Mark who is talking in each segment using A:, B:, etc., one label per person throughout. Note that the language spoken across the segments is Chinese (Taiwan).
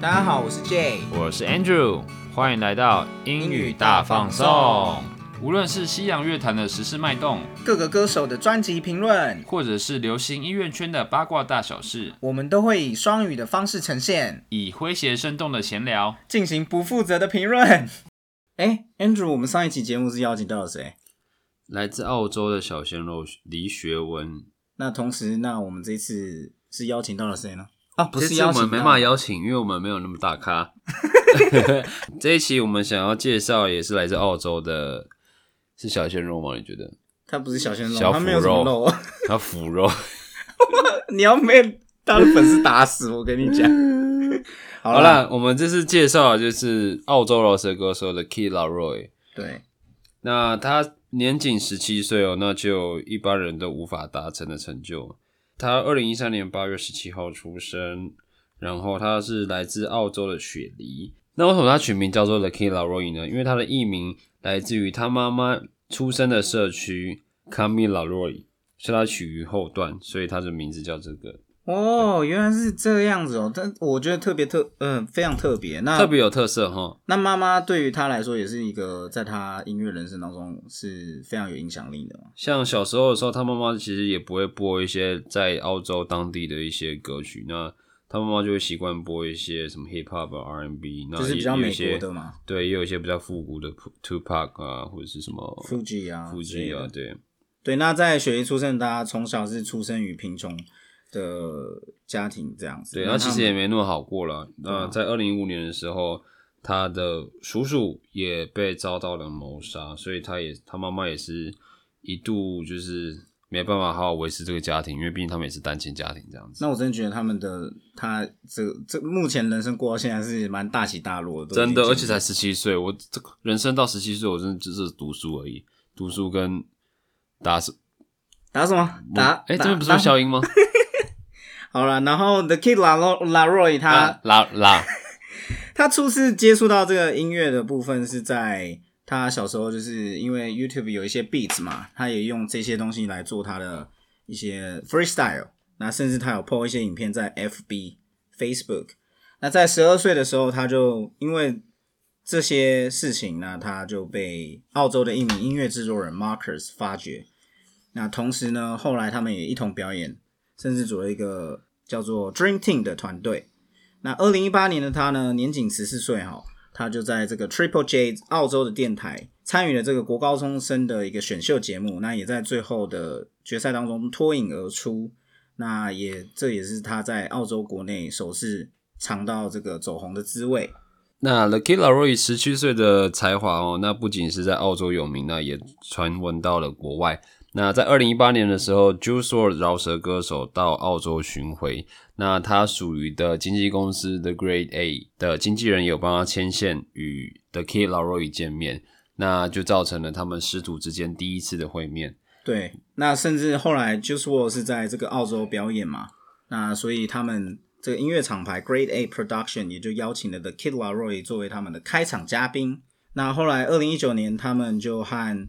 A: 大家好，我是 Jay，
B: 我是 Andrew，歡迎來到英語大放送。放無論是西洋樂壇的時事脈動，
A: 各個歌手的專輯評論，
B: 或者是流行音樂圈的八卦大小事，
A: 我們都會以雙語的方式呈現，
B: 以詼諧生動的閒聊
A: 進行不負責的評論。哎，Andrew，我們上一期節目是邀請到了誰？
B: 來自澳洲的小鮮肉李學文。
A: 那同時，那我們這次是邀請到了誰呢？哦、不是邀請，我們沒嘛
B: 邀請，因為我們沒有那麼大咖。 這一期我們想要介紹也是來自澳洲的，是小鮮肉嗎？你覺得？
A: 他不是小鮮肉，小腐肉，他沒有肉哦、他腐肉。 你要被他的粉絲打死我，跟你講。 好了
B: 啦，我們這次介紹的就是澳洲饒舌歌手的 The Kid Laroi。對，那他年僅十七歲哦，那就一般人都無法達成的成就。他二零一三年八月十七號出生，然後他是來自澳洲的雪梨。那為什麼他取名叫做 The Kid Laroi 呢？因為他的藝名來自於他媽媽出生的社區，Kamilaroi，是他取於後段，所以他的名字叫這個。
A: 哦，原來是這樣子哦，但我覺得特別特，嗯、呃，非常特別，那特別有
B: 特色哈。
A: 那媽媽對於他來說，也是一個在他音樂人生當中是非常有影響力的。
B: 像小時候的時候，他媽媽其實也不會播一些在澳洲當地的一些歌曲，那他媽媽就會習慣播一些什麼 Hip-Hop、啊、R&B，就是比較美國的嘛。對，也有一些比較復古的 Tupac 啊，或者是什麼
A: Fuji 啊，Fuji 啊，Fuji 啊 Yeah. 對，對，對。那在雪梨出生的、啊，家從小是出生於貧窮。的家庭這樣子，對，他其實也
B: 沒那麼好過了。那嘛、呃、在二零一五年的時候，他的叔叔也被遭到了謀殺，所以他也他媽媽也是一度就是沒辦法好好維持這個家庭，因為畢竟他們也是單親家庭這樣
A: 子。那我真的覺得他們的他這這目前人生過到現在是蠻大起大落的。真的，而且才十
B: 七歲，我這人生到十七歲，我真的就是讀書而已，讀書跟打什
A: 打什麼打？哎，這邊不是有消音嗎？ 好了，然後 The Kid Laroi，La, La 他拉拉，La, La, La. 他初次接觸到這個音樂的部分是在他小時候，就是因為 YouTube 有一些 Beats 嘛，他也用這些東西來做他的一些 Freestyle。那甚至他有 PO 一些影片在 FB，Facebook。那在十二歲的時候，他就因為這些事情，那他就被澳洲的一名音樂製作人 Markers 發掘。那同時呢，後來他們也一同表演。甚至組了一個叫做 Dream Team 的團隊。那二零一八年的他呢，年僅十四歲哈、哦，他就在這個 Triple J 澳洲的電台參與了這個國高中生的一個選秀節目，那也在最後的決賽當中脫穎而出。那也這也是他在澳洲國內首次嘗到這個走紅的滋味。
B: 那 The Kid Laroi 十七歲的才華哦，那不僅是在澳洲有名，那也傳聞到了國外。那在二零一八年的時候 Juice WRLD 饒舌歌手到澳洲巡迴，那他屬於的經紀公司的 Grade A 的經紀人有幫他牽線與 The Kid Laroi 見面，那就造成了他們師徒之間第一次的會面。
A: 對，那甚至後來 Juice WRLD 是在這個澳洲表演嘛，那所以他們這個音樂廠牌 Grade A Production 也就邀請了 The Kid Laroi 作為他們的開場嘉賓。那後來二零一九年，他們就和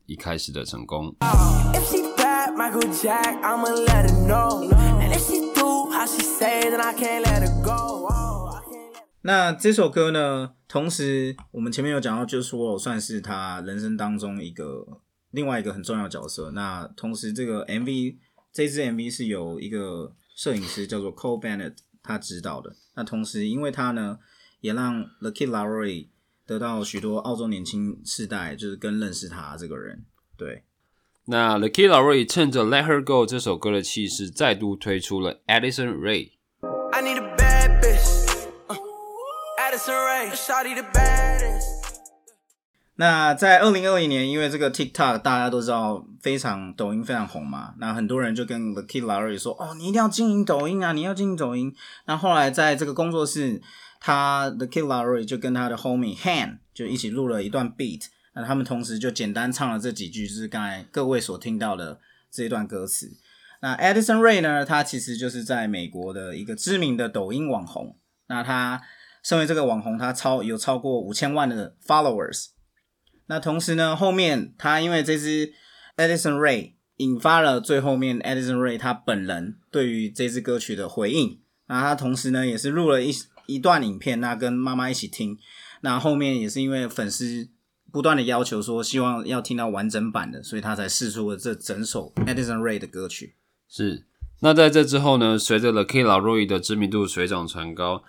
B: 一開始的成功。
A: 那這首歌呢，同時，我們前面有講到，Juice WRLD 算是他人生當中一個另外一個很重要的角色。那同時，這個 MV 這支 MV 是由一個攝影師叫做 Cole Bennett，他指導的。那同時，因為他呢，也讓 Lucky Laroi 得到許多澳洲年輕世代就是跟認識他這個人。
B: 對，那 The Kid Laroi 趁着 Let Her Go 這首歌的氣勢，再度推出了 Addison Rae。
A: Baby, uh, Ray, the 那在二零二零年，因為這個 TikTok 大家都知道非常抖音非常紅嘛，那很多人就跟 The Kid Laroi 說：“哦，你一定要經營抖音啊，你要經營抖音。”那後來在這個工作室。他的 Kid Laroi 就跟他的 homie Han 就一起錄了一段 beat，那他們同時就簡單唱了這幾句，就是剛才各位所聽到的這一段歌詞。那 Edison Ray 呢，他其實就是在美國的一個知名的抖音網紅。那他身為這個網紅，他超有超過五千萬的 followers。那同時呢，後面他因為這支 Edison Ray 引發了最後面 Edison Ray 他本人對於這支歌曲的回應。那他同時呢，也是錄了一。一段影片，那跟媽媽一起聽。那後面也是因為粉絲不斷的要求說，希望要聽到完整版的，所以他才釋出了這整首 Addison Rae 的歌曲。
B: 是。那在這之後呢，隨着 The Kid LAROI 的知名度水漲船高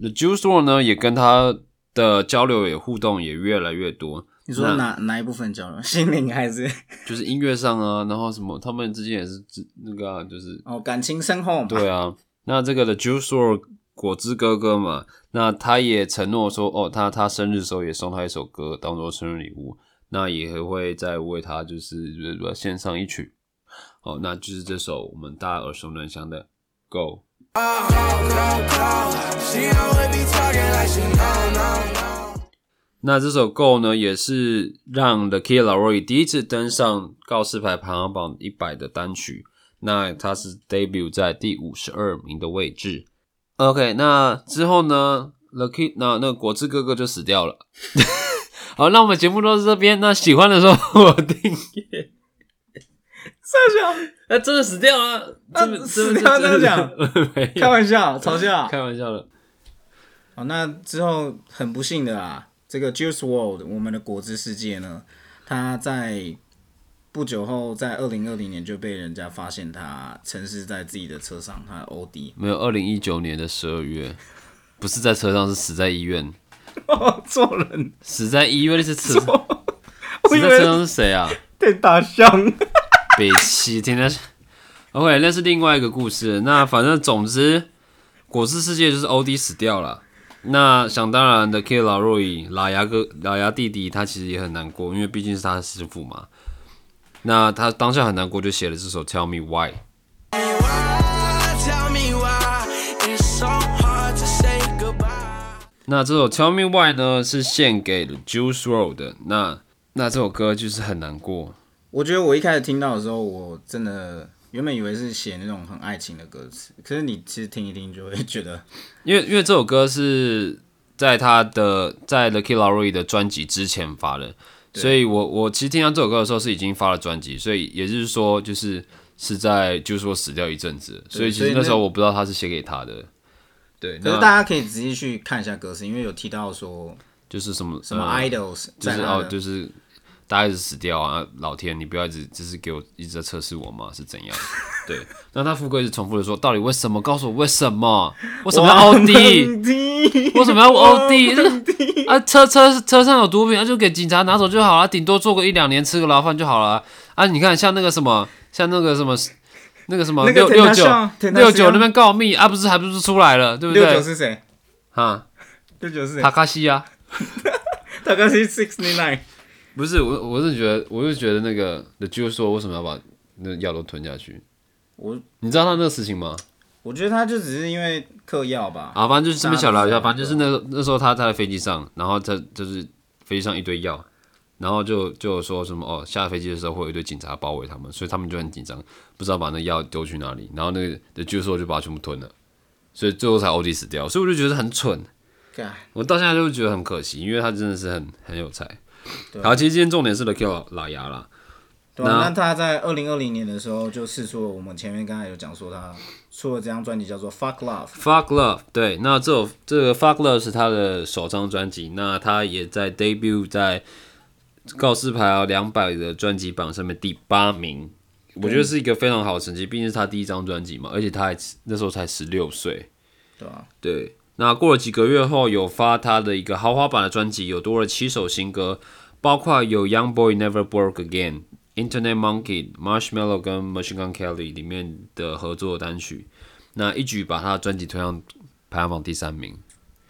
B: ，The Juice WRLD 呢也跟他的交流也互動也越來越多。你說哪
A: 那哪一部分交流？心靈還是？
B: 就是音樂上啊，然後什麼，他們之間也是那個、啊、就
A: 是。哦，感情深厚。
B: 對啊，那這個 The Juice WRLD 果汁哥哥嘛，那他也承諾說，哦，他他生日的時候也送他一首歌當做生日禮物，那也會再為他就是獻、就是、上一曲，哦，那就是這首我們大家耳熟能詳的《Go》。那這首《Go》呢，也是讓 The Kid Laroi 第一次登上告示牌排行榜一百的單曲，那他是 Debut 在第五十二名的位置。OK，那之後呢？Lucky，那、啊、那果汁哥哥就死掉了。 好，那我們節目到這邊，那喜歡的時候我訂閱。笑笑哎，真的死掉了？那死掉了？這樣講，
A: 開玩笑，嘲笑，開玩笑了。好，那之後很不幸的啊，這個 Juice World，我們的果汁世界呢，它在。不久後，在二零二零年就被人家發現他陳屍在自己的車上，他 OD
B: 沒有。二零一九年的十二月，不是在車上，是死在醫院。
A: 做、哦、人
B: 死在醫院那是錯。
A: 死在車上是誰啊？對大象。
B: 別氣，天哪。OK，那是另外一個故事。那反正總之，果子世、世界就是 OD 死掉了。那想當然的，Kid Laroi、老牙哥、老牙弟弟，他其實也很難過，因為畢竟是他的師父嘛。那他當下很難過，就寫了這首《Tell Me Why》。那這首《Tell Me Why》呢，是獻給 Juice WRLD 的。那那這首歌就是很難過。
A: 我覺得我一開始聽到的時候，我真的原本以為是寫那種很愛情的歌詞，可是你其實聽一聽就會覺得，因
B: 為因為這首歌是在他的在 The Kid Laroi 的專輯之前發的。所以我，我我其實聽到這首歌的時候是已經發了專輯，所以也就是說、就是是，就是是在就是說死掉一陣子。對所以其實那時候我不知道他是寫給他的。對，那可是大家可以
A: 直接去看一下歌詞，因為有提到說，就是什麼什麼 idols，呃就是哦，就
B: 是。大家一直死掉啊！老天，你不要一直，就是給我一直在測試我嗎？是怎樣？對。那他富貴一直重複的說：“到底為什麼？告訴我為什麼？為什麼要 OD？為什麼要 OD？啊！車車車上有毒品，那就給警察拿走就好了，頂多坐個一兩年，吃個牢飯就好了。啊！你看，像那個什麼，像那個什麼，那個什麼六六九六九那邊告密啊，不是，還不是出來了，對不對？六九是誰？啊？六九是
A: 誰？塔卡西呀，塔卡西 sixty nine。”
B: 不是我，我是覺得，我是覺得那個 Juice WRLD，為什麼要把那藥都吞下去？我，你知道他那個事情嗎？
A: 我覺得他就只是因為嗑藥吧。啊，反正就是這邊小聊一下。反正就
B: 是那那時候他在飛機上，然後他就是飛機上一堆藥，然後就就說什麼哦，下飛機的時候會有一堆警察包圍他們，所以他們就很緊張，不知道把那藥丟去哪裡。然後那個 Juice WRLD 就把他全部吞了，所以最後才 OD 死掉。所以我就覺得很蠢，God. 我到現在就覺得很可惜，因為他真的是很很有才。對好，其實今天重點是 The Kid Laroi 啦。對、啊、那，那
A: 他在二零二零年的時候就是說我們前面剛才有講說他出了這張專輯叫做《Fuck Love》。
B: Fuck Love，對，那這首這個《Fuck Love》是他的首張專輯，那他也在 Debut 在告示牌啊兩百的專輯榜上面第八名，對我覺得是一個非常好的成績，畢竟是他第一張專輯嘛，而且他還那時候才十六歲，對吧、啊？對。那過了幾個月後，有發他的一個豪華版的專輯，有多了七首新歌，包括有 Young Boy Never Broke Again、Internet Monkey、Marshmallow 跟 Machine Gun Kelly 裡面的合作單曲，那一舉把他的專輯推向排行榜第三名，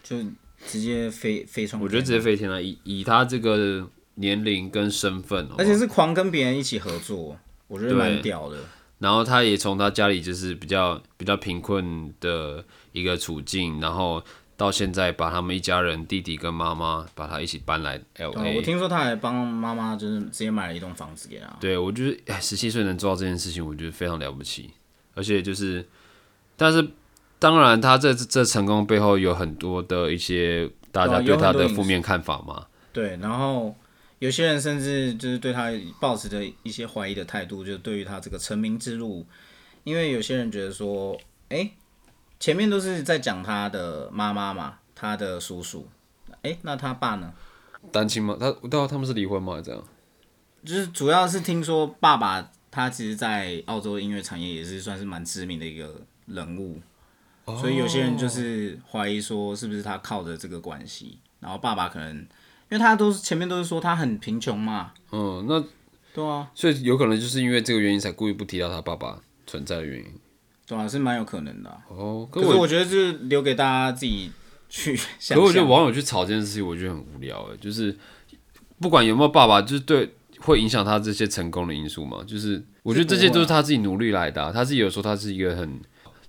A: 就直接飛飛上。我覺得直接飛
B: 天了，以以他這個年齡跟身份哦，而
A: 且是狂跟別人一起合作，我覺得蠻對屌的。
B: 然後他也從他家裡就是比較比較貧困的一個處境，然後到現在把他們一家人弟弟跟媽媽把他一起搬來 LA，哦。我聽說他
A: 還幫媽媽就是直接買了一棟房子給他。
B: 對，我覺得哎，十七歲能做到這件事情，我覺得非常了不起。而且就是，但是當然他這這成功背後有很多的一些大家對他的負面看法嘛。
A: 哦、對，然後。有些人甚至就是對他抱持着一些懷疑的態度，就對於他這個成名之路，因為有些人覺得說，哎、欸，前面都是在講他的媽媽嘛，他的叔叔，欸、那他爸呢？單親嗎？他對他們是離婚嗎？還是怎樣？就是主要是聽說爸爸他其實在澳洲音樂產業也是算是蠻知名的一個人物，oh. 所以有些人就是懷疑說，是不是他靠着這個關係，然後爸爸可能。因為他都是前面都是說他很貧窮嘛，嗯，那對啊，所以有可能就是因為這個原因才故意不提到他爸爸存在的原因，總還、啊、是蠻有可能的、啊。哦，可是，可是我覺得是留給大家自己去想想。可我覺得網友去
B: 吵這件事情，我覺得很無聊誒、欸。就是不管有沒有爸爸，就是對會影響他這些成功的因素嘛。就是我覺得這些都是他自己努力來的、啊，他自己有時候他是一個很。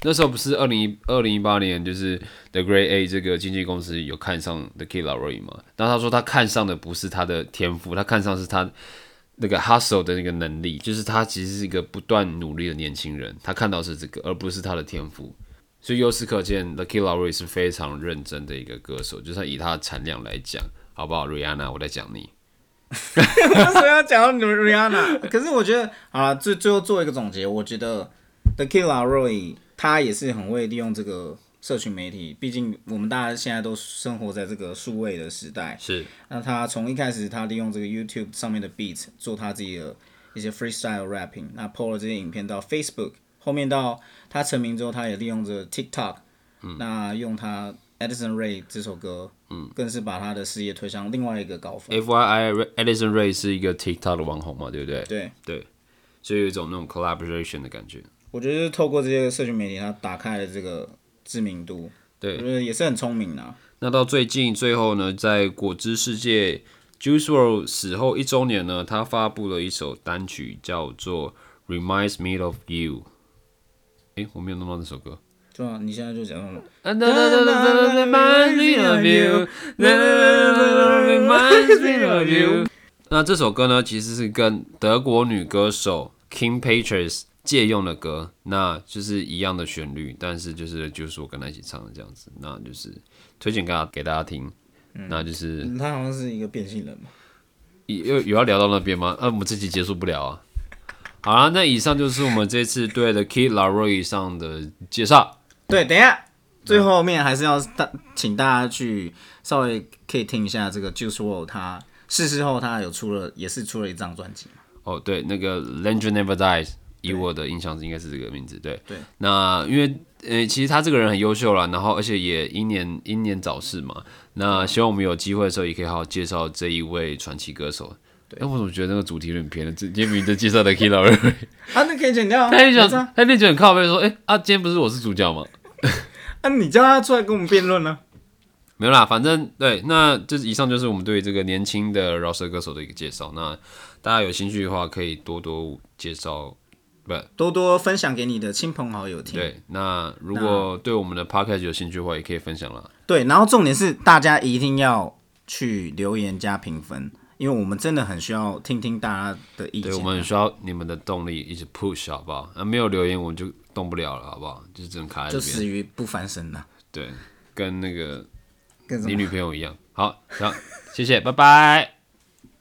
B: 那時候不是二零一二零一八年，就是 The Grade A 這個經紀公司有看上 The Kid Laroi 嘛？但他說他看上的不是他的天賦，他看上的是他那個 hustle 的那個能力，就是他其實是一個不斷努力的年輕人，他看到是這個，而不是他的天賦。所以由此可見，The Kid Laroi 是非常認真的一個歌手。就算以他的產量來講，好不好？Rihanna，我在講你。
A: 為什麼要講你 Rihanna， 可是我覺得，啊，最最後做一個總結，我覺得 The Kid Laroi。他也是很會利用這個社群媒體，畢竟我們大家現在都生活在這個數位的時代。是。那他從一開始，他利用這個 YouTube 上面的 Beat 做他自己的一些 Freestyle Rapping，那 Po 了這些影片到 Facebook，後面到他成名之後，他也利用着 TikTok，嗯，那用他 Edison Ray 這首歌，嗯，更是把他的事業推向另外一個高峰。
B: 嗯。F Y I Edison Ray 是一個 TikTok 的網紅嘛，對不對？對。對。就有一種那種 collaboration 的感覺。
A: 我覺得是透過這些社群媒體，他打開了這個知名度，對，也是很聰明的、啊。
B: 那到最近最後呢，在果汁世界 Juice Wrld 死後一週年呢，他發布了一首單曲叫做 Reminds Me of You。哎、欸，我
A: 沒有弄到這首歌，是、啊、你現在就講到了。Reminds Me of You。Reminds Me of You。那這
B: 首歌呢，其實是跟德國女歌手 King Patrice。借用的歌，那就是一樣的旋律，但是就是就是我跟他一起唱的這樣子，那就是推薦給他給大家聽。
A: 嗯、那就是、嗯、他好像是一個變性人嘛，有有
B: 要聊到那邊嗎？那、啊、我們這期結束不了啊。好了、啊，那以上就是我們這一次對的 Kid
A: Laroi 以上的介紹。對，等一下，最後面還是要大請大家去稍微可以聽一下這個，Juice World，他逝世後他有出了也是出了一張專輯哦，oh, 對，那個《Legend Never Dies》。對以我的印象是應該是這個
B: 名字，對對。那因為呃、欸，其實他這個人很優秀了，然後而且也英年英年早逝嘛。那希望我們有機會的時候也可以好好介紹這一位傳奇歌手。對，我怎麼覺得那個主題有點偏了？今天名字介紹的可以了，l e 他
A: 那可以剪掉。他想
B: 啊，他練就很靠背說，哎、欸、啊，今天不是我是主角嗎？
A: 那、 啊、你叫他出來跟我們辯論呢？
B: 沒有啦，反正對，那這是以上就是我們對這個年輕的饒舌、er、歌手的一個介紹。那大家有興趣的話，可以多多介紹。But,
A: 多多分享給你的親朋好友聽。對，
B: 那如果對我們的 podcast 有興趣的話，也可以分享了。
A: 對，然後重點是大家一定要去留言加評分，因為我們真的很需要聽聽大家的意見。對，我們很需
B: 要你們的動力，一直 push 好不好？那、啊、沒有留言我們就動不了了，好不好？就是只能卡在這邊，就死魚不翻身了。對，跟那個跟你女朋友一樣。好，行， 謝謝，拜拜。